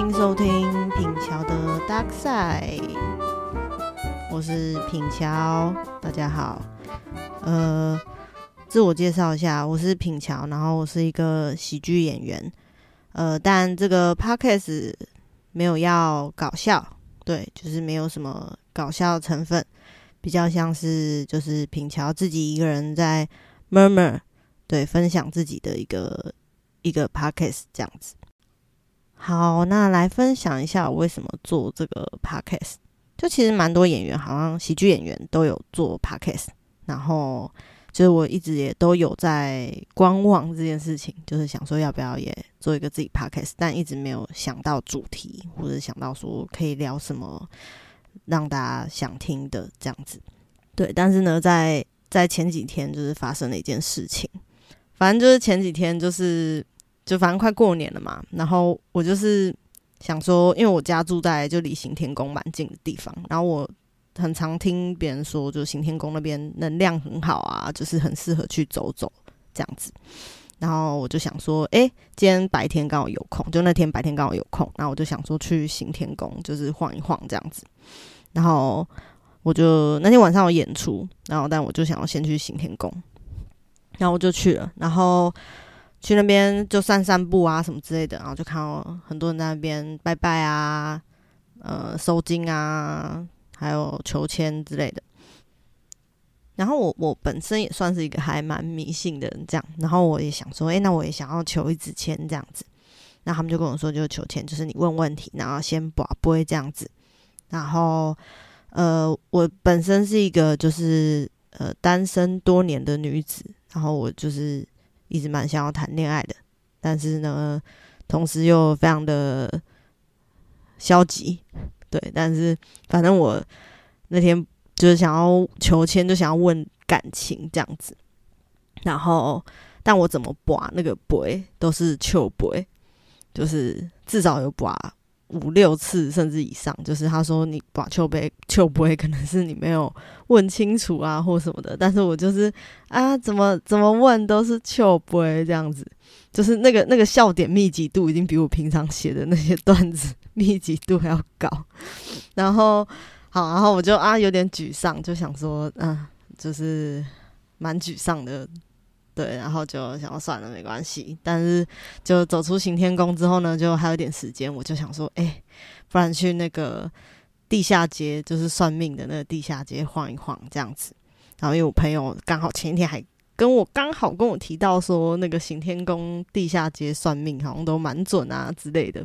歡迎收聽品喬的 Dark Side，我是品喬，大家好。呃，自我介紹一下，我是品喬，然後我是一個喜劇演員。呃，但這個 podcast 沒有要搞笑，對，就是沒有什麼搞笑的成分，比較像是就是品喬自己一個人在 murmur，對，分享自己的一個一個 podcast 這樣子。好，那來分享一下我為什麼做這個 podcast。就其實蠻多演員，好像喜劇演員都有做 podcast，然後就是我一直也都有在觀望這件事情，就是想說要不要也做一個自己 podcast，但一直沒有想到主題，或者想到說可以聊什麼讓大家想聽的這樣子。對，但是呢，在在前幾天就是發生了一件事情，反正就是前幾天就是。就反正快過年了嘛，然後我就是想說，因為我家住在就離行天宮蠻近的地方，然後我很常聽別人說，就行天宮那邊能量很好啊，就是很適合去走走這樣子。然後我就想說，哎、欸，今天白天剛好有空，就那天白天剛好有空，然後我就想說去行天宮，就是晃一晃這樣子。然後我就那天晚上有演出，然後但我就想要先去行天宮，然後我就去了，然後。去那邊就散散步啊，什麼之類的，然後就看到很多人在那邊拜拜啊，呃，收金啊，還有求籤之類的。然後我我本身也算是一個還蠻迷信的人，這樣，然後我也想說，哎、欸，那我也想要求一支籤，這樣子。那他們就跟我說，就是求籤，就是你問問題，然後先博杯這樣子。然後，呃，我本身是一個就是呃單身多年的女子，然後我就是。一直蠻想要談戀愛的，但是呢，同時又非常的消極。對，但是反正我那天就是想要求籤，就想要問感情這樣子。然後，但我怎麼拔那個拔，都是求拔，就是至少有拔。五六次甚至以上，就是他說你把“笑杯、笑杯”，可能是你沒有問清楚啊，或什麼的。但是我就是啊，怎麼怎麼問都是“笑杯”這樣子，就是那個那個笑點密集度已經比我平常寫的那些段子密集度還要高。然後好，然後我就啊有點沮喪，就想說啊，就是蠻沮喪的。對，然後就想算了，沒關係。但是，就走出行天宮之後呢，就還有點時間，我就想說，哎、欸，不然去那個地下街，就是算命的那個地下街晃一晃，這樣子。然後，因為我朋友剛好前一天還跟我剛好跟我提到說，那個行天宮地下街算命好像都蠻準啊之類的。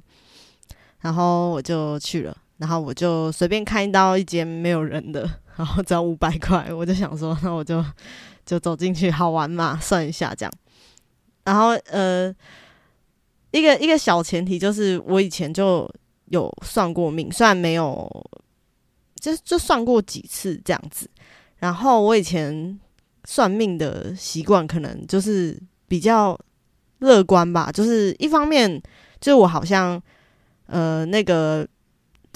然後我就去了，然後我就隨便開到一，一間沒有人的，然後只要五百塊，我就想說，那我就。就走進去好玩嘛，算一下這樣。然後，呃，一個一個小前提就是，我以前就有算過命，雖然沒有就，就就算過幾次這樣子。然後我以前算命的習慣可能就是比較樂觀吧，就是一方面就我好像呃那個。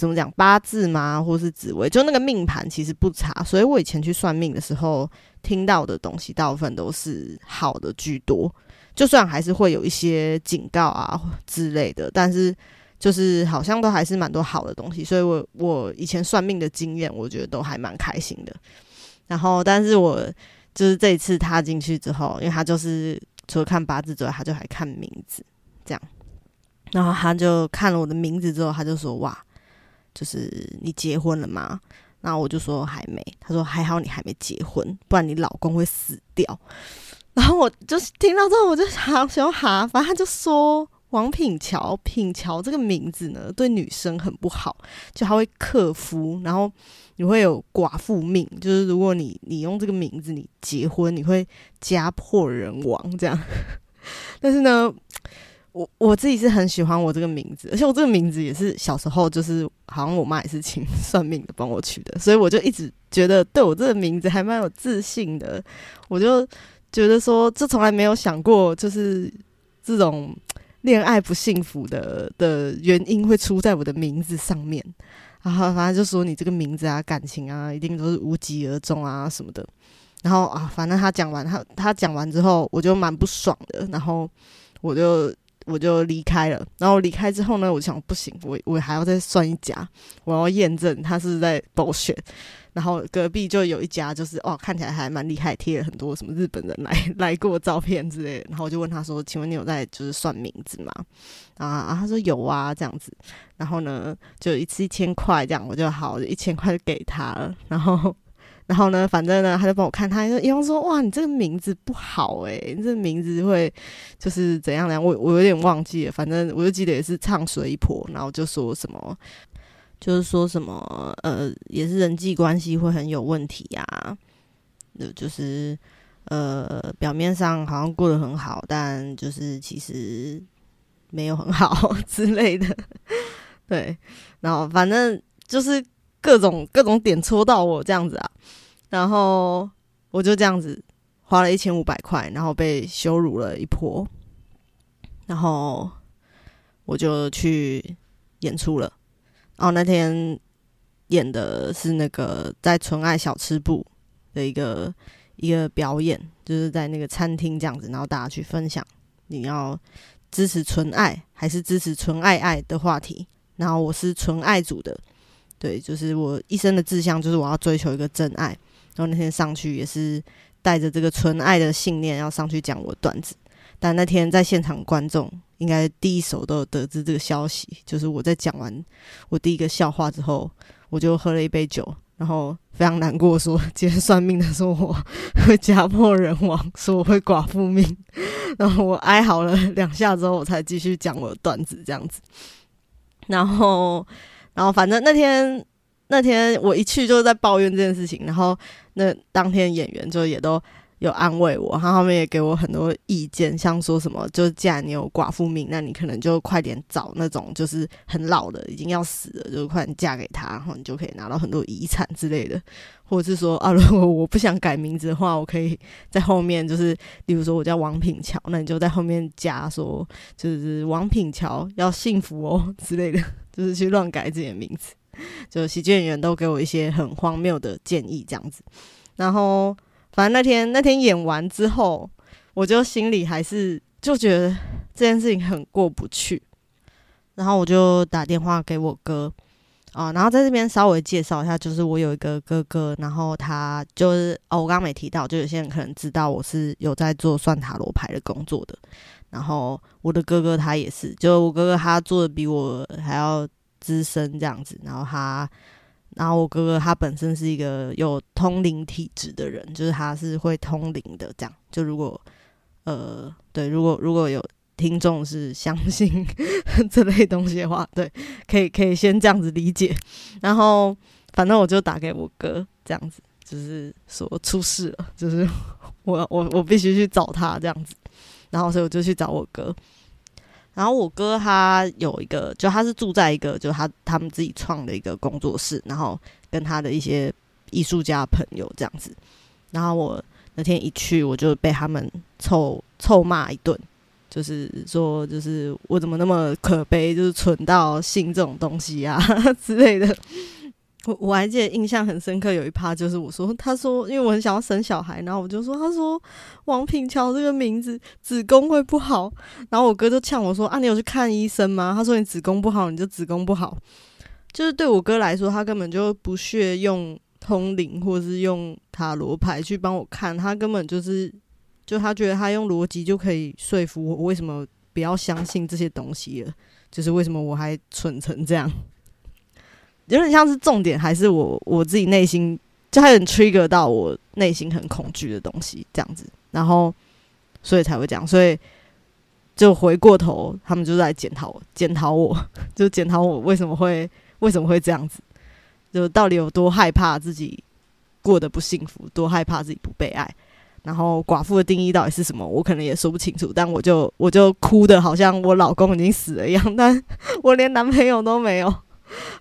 怎麼講八字嘛，或是紫微，就那個命盤其實不差。所以我以前去算命的時候，聽到的東西大部分都是好的居多。就算還是會有一些警告啊之類的，但是就是好像都還是蠻多好的東西。所以我我以前算命的經驗，我覺得都還蠻開心的。然後，但是我就是這一次踏進去之後，因為他就是除了看八字之外，他就還看名字這樣。然後他就看了我的名字之後，他就說：“哇。”就是你結婚了嗎？然後我就說還沒。他說還好你還沒結婚，不然你老公會死掉。然後我就聽到之後，我就想想哈，反正他就說王品喬，品喬這個名字呢，對女生很不好，就他會克夫，然後你會有寡婦命。就是如果你你用這個名字，你結婚，你會家破人亡這樣。但是呢。我我自己是很喜歡我這個名字，而且我這個名字也是小時候就是，好像我媽也是請算命的幫我取的，所以我就一直覺得對我這個名字還蠻有自信的。我就覺得說，這從來沒有想過，就是這種戀愛不幸福的的原因會出在我的名字上面。然後反正就說你這個名字啊，感情啊，一定都是無疾而終啊什麼的。然後啊，反正他講完他他講完之後，我就蠻不爽的。然後我就。我就離開了，然後離開之後呢，我想不行，我我還要再算一家，我要驗證他是在唬爛。然後隔壁就有一家，就是哦，看起來還蠻厲害，貼了很多什麼日本人來來過照片之類。然後我就問他說：“請問你有在就是算名字嗎？”啊啊，他說有啊這樣子。然後呢，就一次一千塊這樣，我就好，就一千塊就給他了。然後。然後呢，反正呢，他就幫我看，他說：“一樣說，哇，你這個名字不好，欸，你這個名字會就是怎樣呢？我我有點忘記了，反正我就記得也是唱衰一波，然後就說什麼，就是說什麼，呃，也是人際關係會很有問題呀，那，就是呃，表面上好像過得很好，但就是其實沒有很好之類的，對，然後反正就是。”各種各種點戳到我這樣子啊，然後我就這樣子花了一千五百塊，然後被羞辱了一波，然後我就去演出了。然後那天演的是那個在純愛小吃部的一個一個表演，就是在那個餐廳這樣子，然後大家去分享你要支持純愛還是支持純愛愛的話題。然後我是純愛組的。對，就是我一生的志向，就是我要追求一個真愛。然後那天上去也是帶着這個純愛的信念，要上去講我段子。但那天在現場觀眾應該第一手都有得知這個消息，就是我在講完我第一個笑話之後，我就喝了一杯酒，然後非常難過說，說今天算命的說我會家破人亡，說我會寡婦命。然後我哀嚎了兩下之後，我才繼續講我的段子這樣子。然後。然後，反正那天那天我一去就是在抱怨這件事情。然後那當天演員就也都有安慰我，他後面也給我很多意見，像說什麼，就既然你有寡婦命，那你可能就快點找那種就是很老的，已經要死了，就快點嫁給他，然後你就可以拿到很多遺產之類的。或者是說，啊，如果我不想改名字的話，我可以在後面，就是比如說我叫王品喬，那你就在後面加說，就是王品喬要幸福哦之類的。就是去亂改自己的名字，就喜劇演員都給我一些很荒謬的建議這樣子，然後反正那天那天演完之後，我就心裡還是就覺得這件事情很過不去，然後我就打電話給我哥。哦，然後在這邊稍微介紹一下，就是我有一個哥哥，然後他就是哦，我剛剛沒提到，就有些人可能知道我是有在做算塔羅牌的工作的，然後我的哥哥他也是，就我哥哥他做得比我還要資深這樣子，然後他，然後我哥哥他本身是一個有通靈體質的人，就是他是會通靈的，這樣就如果呃，對，如果如果有。聽眾是相信這類東西的話，對，可以可以先這樣子理解。然後反正我就打給我哥，這樣子就是說出事了，就是我我我必須去找他這樣子。然後所以我就去找我哥。然後我哥他有一個，就他是住在一個，就他他們自己創的一個工作室，然後跟他的一些藝術家朋友這樣子。然後我那天一去，我就被他們臭臭罵一頓。就是說，就是我怎麼那麼可悲，就是蠢到信這種東西啊 之類的。我我還記得印象很深刻，有一趴就是我說，他說，因為我很想要生小孩，然後我就說，他說王品喬這個名字子宮會不好。然後我哥就嗆我說，啊，你有去看醫生嗎？他說你子宮不好，你就子宮不好。就是對我哥來說，他根本就不屑用通靈或者是用塔羅牌去幫我看，他根本就是。就他覺得他用邏輯就可以說服我，為什麼不要相信這些東西了？就是為什麼我還蠢成這樣？有點像是重點，還是我我自己內心就還很 trigger 到我內心很恐懼的東西這樣子，然後所以才會這樣。所以就回過頭，他們就在檢討，檢討我，就檢討我為什麼會為什麼會這樣子？就到底有多害怕自己過得不幸福，多害怕自己不被愛？然後，寡婦的定義到底是什麼？我可能也說不清楚，但我就我就哭得，好像我老公已經死了一樣。但我連男朋友都沒有，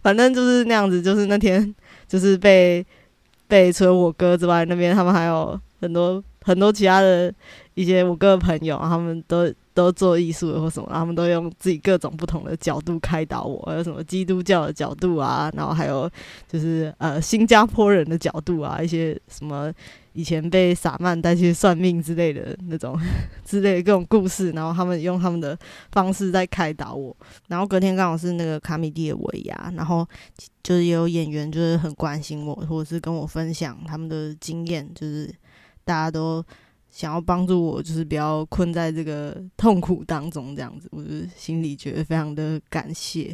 反正就是那樣子。就是那天，就是被被除了我哥之外，那邊他們還有很多很多其他的一些我哥的朋友，他們都都做藝術的或什麼，他們都用自己各種不同的角度開導我，還有什麼基督教的角度啊，然後還有就是呃新加坡人的角度啊，一些什麼。以前被撒曼帶去算命之類的那種之類的各種故事，然後他們用他們的方式在開導我。然後隔天剛好是那個卡米蒂的尾牙，然後就是也有演員就是很關心我，或者是跟我分享他們的經驗，就是大家都想要幫助我，就是不要困在這個痛苦當中，這樣子，我就心裡覺得非常的感謝。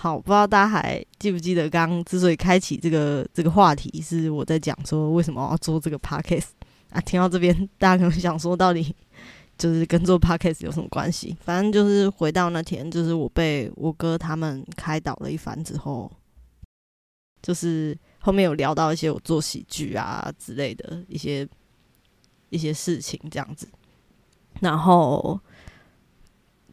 好，不知道大家還記不記得，剛剛之所以開啟這個這個話題，是我在講說為什麼我要做這個 podcast 啊。聽到這邊，大家可能想說，到底就是跟做 podcast 有什麼關係？反正就是回到那天，就是我被我哥他們開導了一番之後，就是後面有聊到一些我做喜劇啊之類的一些一些事情這樣子，然後。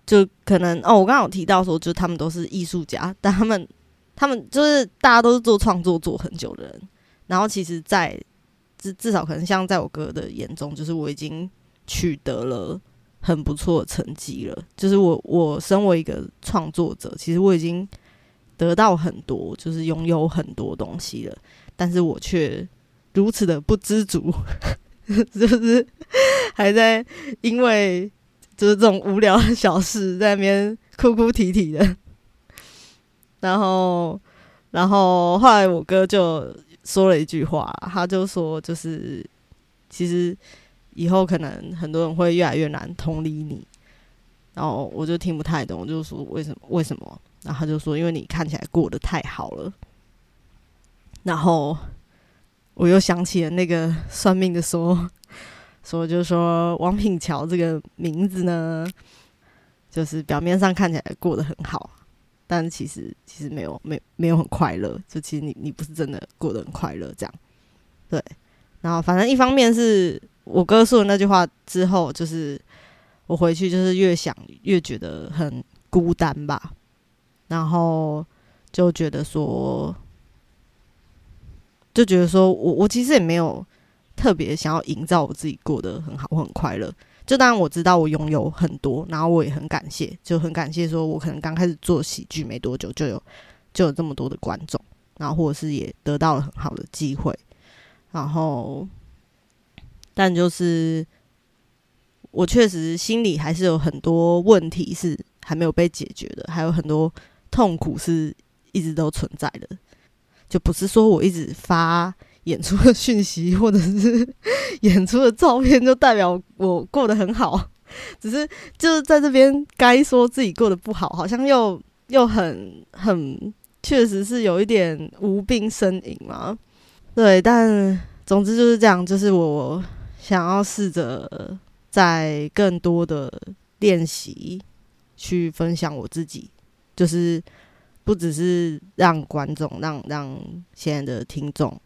就可能哦，我剛才有提到說，就他們都是藝術家，但他們，他們就是大家都是做創作做很久的人，然後其實在，在至至少可能像在我哥的眼中，就是我已經取得了很不錯的成績了，就是我我身為一個創作者，其實我已經得到很多，就是擁有很多東西了，但是我卻如此的不知足， 就是還在因為。就是這種無聊的小事，在那邊哭哭啼啼的，然後，然後後來我哥就說了一句話，他就說，就是其實以後可能很多人會越來越難同理你，然後我就聽不太懂，我就說為什麼？為什麼？然後他就說，因為你看起來過得太好了，然後我又想起了那個算命的說。所以就是說，王品喬這個名字呢，就是表面上看起來過得很好，但其實其實沒有沒有沒有很快樂。就其實你你不是真的過得很快樂這樣。對，然後反正一方面是我哥說的那句話之後，就是我回去就是越想越覺得很孤單吧，然後就覺得說，就覺得說我我其實也沒有。特別想要營造我自己過得很好，我很快樂。就當然我知道我擁有很多，然後我也很感謝，就很感謝。說我可能剛開始做喜劇沒多久，就有就有這麼多的觀眾，然後或者是也得到了很好的機會。然後，但就是我確實心裡還是有很多問題是還沒有被解決的，還有很多痛苦是一直都存在的。就不是說我一直發。演出的訊息，或者是演出的照片，就代表我過得很好。只是就是在這邊該說自己過得不好，好像又又很很確實是有一點無病呻吟嘛。對，但總之就是這樣。就是我想要試着在更多的練習去分享我自己，就是不只是讓觀眾，讓讓現在的聽眾。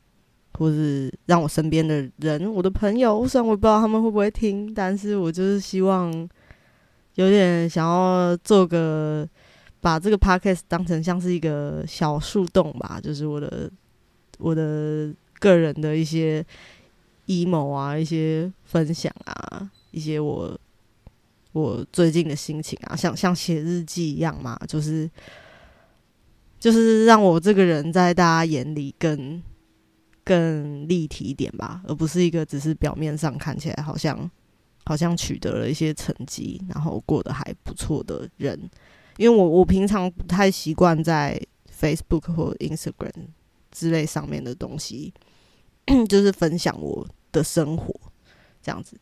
或是讓我身邊的人，我的朋友，雖然我不知道他們會不會聽，但是我就是希望有點想要做個把這個 podcast 當成像是一個小樹洞吧，就是我的我的個人的一些 emo 啊，一些分享啊，一些我我最近的心情啊，像像寫日記一樣嘛，就是就是讓我這個人在大家眼裡跟更立體一點吧，而不是一個只是表面上看起來好像好像取得了一些成績，然後過得還不錯的人。因為我我平常不太習慣在 Facebook 或 Instagram 之類上面的東西， 就是分享我的生活，這樣子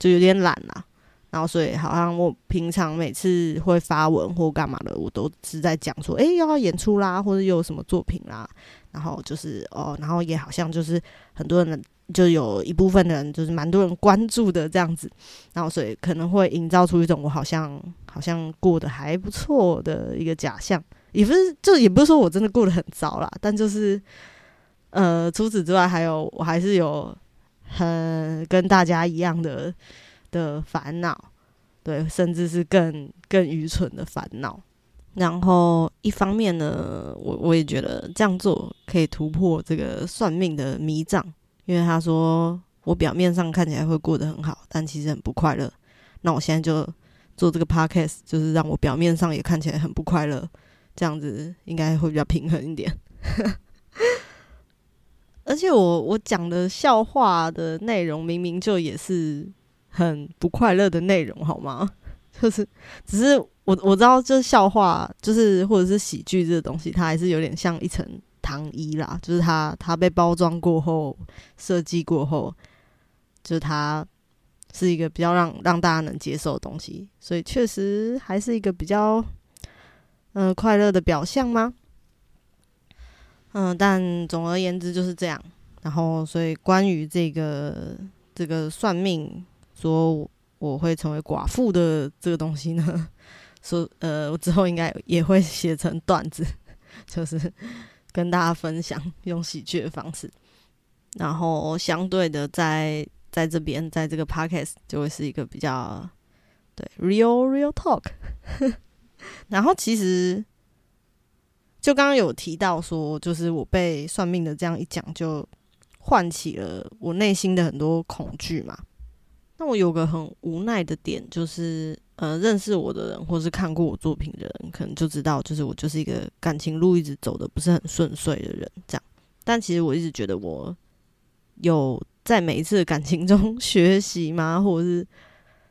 就有點懶啦、啊。然後，所以好像我平常每次會發文或幹嘛的，我都是在講說，哎，要演出啦，或者有什麼作品啦。然後就是哦，然後也好像就是很多人的，就有一部分人就是蠻多人關注的這樣子。然後，所以可能會營造出一種我好像好像過得還不錯的一個假象，也不是，就也不是說我真的過得很糟啦。但就是，呃，除此之外，還有我還是有很跟大家一樣的。的煩惱，對，甚至是更更愚蠢的煩惱。然後一方面呢，我我也覺得這樣做可以突破這個算命的迷障，因為他說我表面上看起來會過得很好，但其實很不快樂。那我現在就做這個 podcast，就是讓我表面上也看起來很不快樂，這樣子應該會比較平衡一點。 而且我我講的笑話的內容明明就也是。很不快樂的內容好嗎？就是，只是我我知道，就是笑話，就是或者是喜劇這個東西，它還是有點像一層糖衣啦，就是它它被包裝過後，設計過後，就是它是一個比較讓讓大家能接受的東西，所以確實還是一個比較嗯、呃、快樂的表象嗎？嗯、呃，但總而言之就是這樣。然後，所以關於這個這個算命。說我，我會成為寡婦的這個東西呢，說呃，我之後應該也會寫成段子，就是跟大家分享，用喜劇的方式，然後相對的在，在在這邊，在這個 podcast 就會是一個比較對 Real Real Talk。 然後其實就剛剛有提到說，就是我被算命的這樣一講，就喚起了我內心的很多恐懼嘛。那我有個很無奈的點，就是呃，認識我的人，或是看過我作品的人，可能就知道，就是我就是一個感情路一直走的不是很順遂的人，這樣。但其實我一直覺得我有在每一次的感情中學習嘛，或者是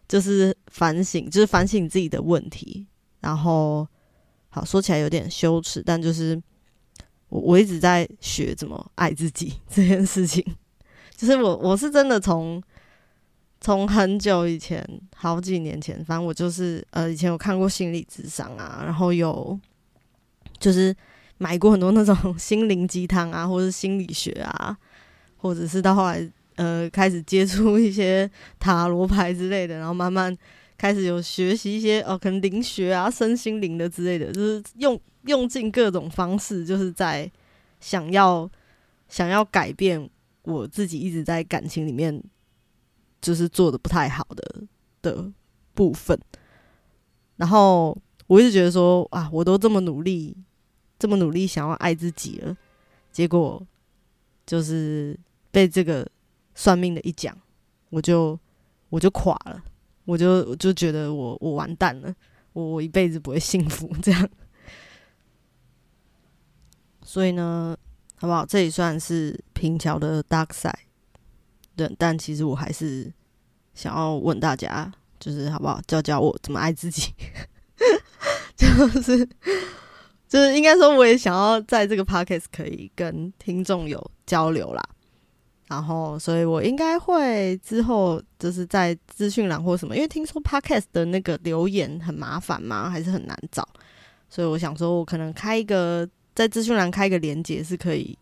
就是反省，就是反省自己的問題。然後，好說起來有點羞恥，但就是我我一直在學怎麼愛自己這件事情。就是我我是真的從，從很久以前，好幾年前，反正我就是呃，以前有看過心理諮商啊，然後有就是買過很多那種心靈雞湯啊，或者是心理學啊，或者是到後來呃開始接觸一些塔羅牌之類的，然後慢慢開始有學習一些哦、呃，可能靈學啊、身心靈的之類的，就是用用盡各種方式，就是在想要想要改變我自己一直在感情裡面，就是做的不太好的的部分，然後我一直覺得說啊，我都這麼努力，這麼努力想要愛自己了，結果就是被這個算命的一講，我就我就垮了，我就我就覺得我我完蛋了，我我一輩子不會幸福這樣。所以呢，好不好？這也算是品喬的 dark side，對，但其實我還是。想要問大家，就是好不好，教教我怎麼愛自己？就 是就是，就是、應該說我也想要在這個 podcast 可以跟聽眾有交流啦。然後，所以我應該會之後就是在資訊欄或什麼，因為聽說 podcast 的那個留言很麻煩嘛，還是很難找，所以我想說我可能開一個，在資訊欄開一個鏈接是可以。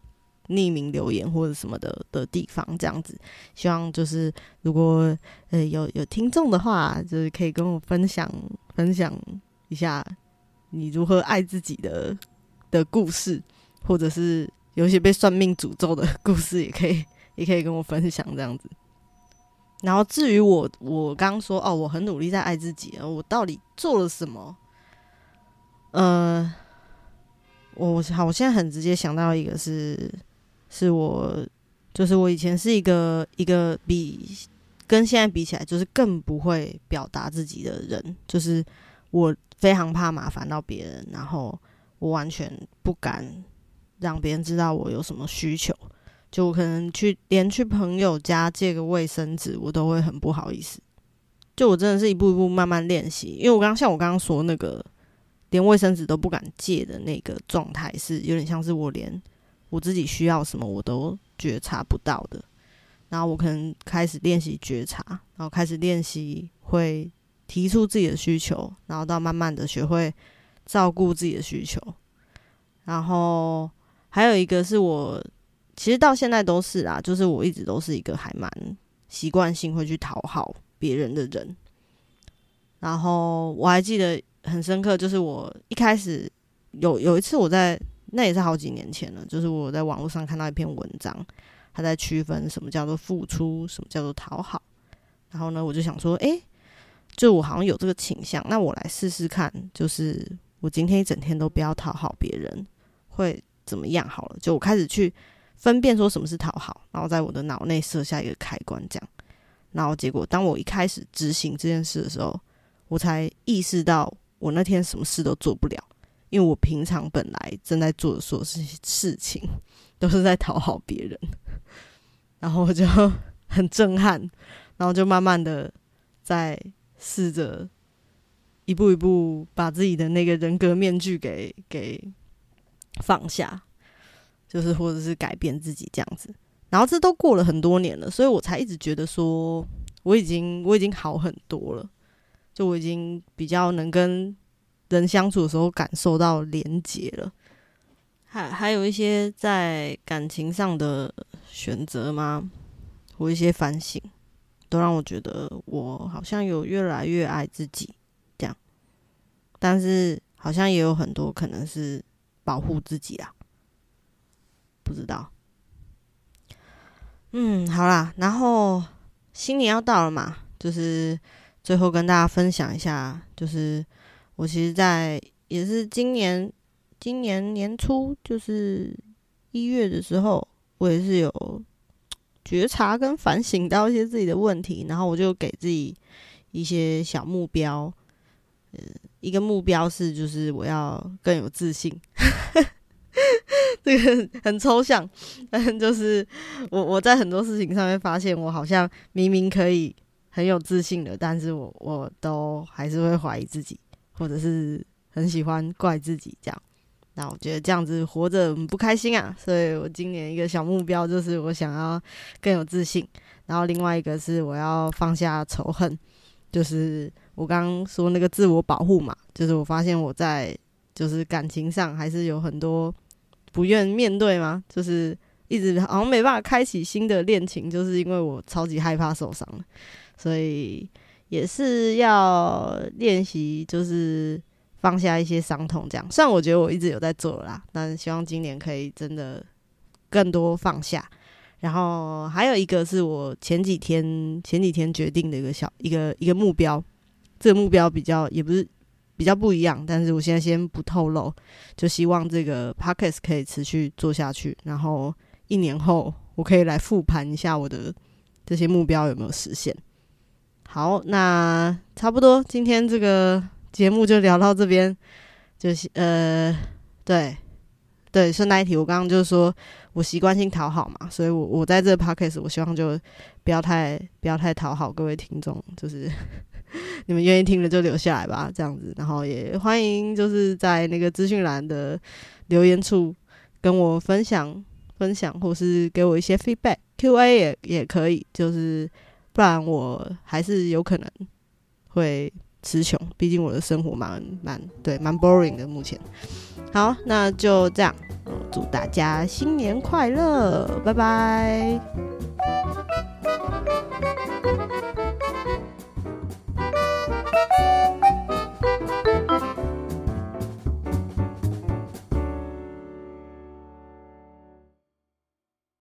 匿名留言或者什麼的的地方，這樣子，希望就是如果呃有有聽眾的話，就是可以跟我分享分享一下你如何愛自己的的故事，或者是有些被算命詛咒的故事，也可以也可以跟我分享這樣子。然後至於我我剛剛說哦，我很努力在愛自己，我到底做了什麼？呃，我好，我現在很直接想到一個是。是我，就是我以前是一個一個比跟現在比起來，就是更不會表達自己的人。就是我非常怕麻煩到別人，然後我完全不敢讓別人知道我有什麼需求。就我可能去連去朋友家借個衛生紙，我都會很不好意思。就我真的是一步一步慢慢練習，因為我剛像我剛剛說那個連衛生紙都不敢借的那個狀態是，是有點像是我連。我自己需要什麼我都覺察不到的，然後我可能開始練習覺察，然後開始練習會提出自己的需求，然後到慢慢的學會照顧自己的需求。然後還有一個是我其實到現在都是啊，就是我一直都是一個還蠻習慣性會去討好別人的人。然後我還記得很深刻，就是我一開始有有一次我在。那也是好幾年前了，就是我在網絡上看到一篇文章，他在區分什麼叫做付出，什麼叫做討好，然後呢，我就想說，誒，就我好像有這個傾向，那我來試試看，就是我今天一整天都不要討好別人，會怎麼樣？好了，就我開始去分辨說什麼是討好，然後在我的腦內設下一個開關，這樣，然後結果當我一開始執行這件事的時候，我才意識到我那天什麼事都做不了。因為我平常本來正在做的所有事事情，都是在討好別人，然後我就很震撼，然後就慢慢的在試着一步一步把自己的那個人格面具給給放下，就是或者是改變自己這樣子，然後這都過了很多年了，所以我才一直覺得說我已經我已經好很多了，就我已經比較能跟。人相處的時候感受到連結了，還還有一些在感情上的選擇嗎？或一些反省，都讓我覺得我好像有越來越愛自己這樣，但是好像也有很多可能是保護自己啊，不知道。嗯，好啦，然後新年要到了嘛，就是最後跟大家分享一下，就是。我其實，在也是今年今年年初，就是一月的時候，我也是有覺察跟反省到一些自己的問題，然後我就給自己一些小目標。呃，一個目標是，就是我要更有自信。 這個很抽象，但是就是我我在很多事情上面發現，我好像明明可以很有自信的，但是我我都還是會懷疑自己。或者是很喜歡怪自己這樣，那我覺得這樣子活着很不開心啊！所以我今年一個小目標就是我想要更有自信，然後另外一個是我要放下仇恨，就是我剛剛說那個自我保護嘛，就是我發現我在就是感情上還是有很多不願面對嘛，就是一直好像沒辦法開啟新的戀情，就是因為我超級害怕受傷，所以。也是要練習，就是放下一些傷痛，這樣。雖然我覺得我一直有在做了啦，但是希望今年可以真的更多放下。然後還有一個是我前幾天，前幾天決定的一個小，一個一個目標，這個目標比較，也不是，比較不一樣，但是我現在先不透露。就希望這個 podcast 可以持續做下去，然後一年後我可以來復盤一下我的這些目標有沒有實現。好，那差不多，今天這個節目就聊到這邊，就是呃，對，對，順帶一提，我剛剛就是說我習慣性討好嘛，所以我我在這 podcast，我希望就不要太不要太討好各位聽眾，就是 你們願意聽了就留下來吧，這樣子，然後也歡迎就是在那個資訊欄的留言處跟我分享分享，或是給我一些 feedback，Q&A 也也可以，就是。不然我還是有可能會詞窮，畢竟我的生活蠻蠻，對，蠻 boring 的目前。好，那就這樣，祝大家新年快樂，拜拜。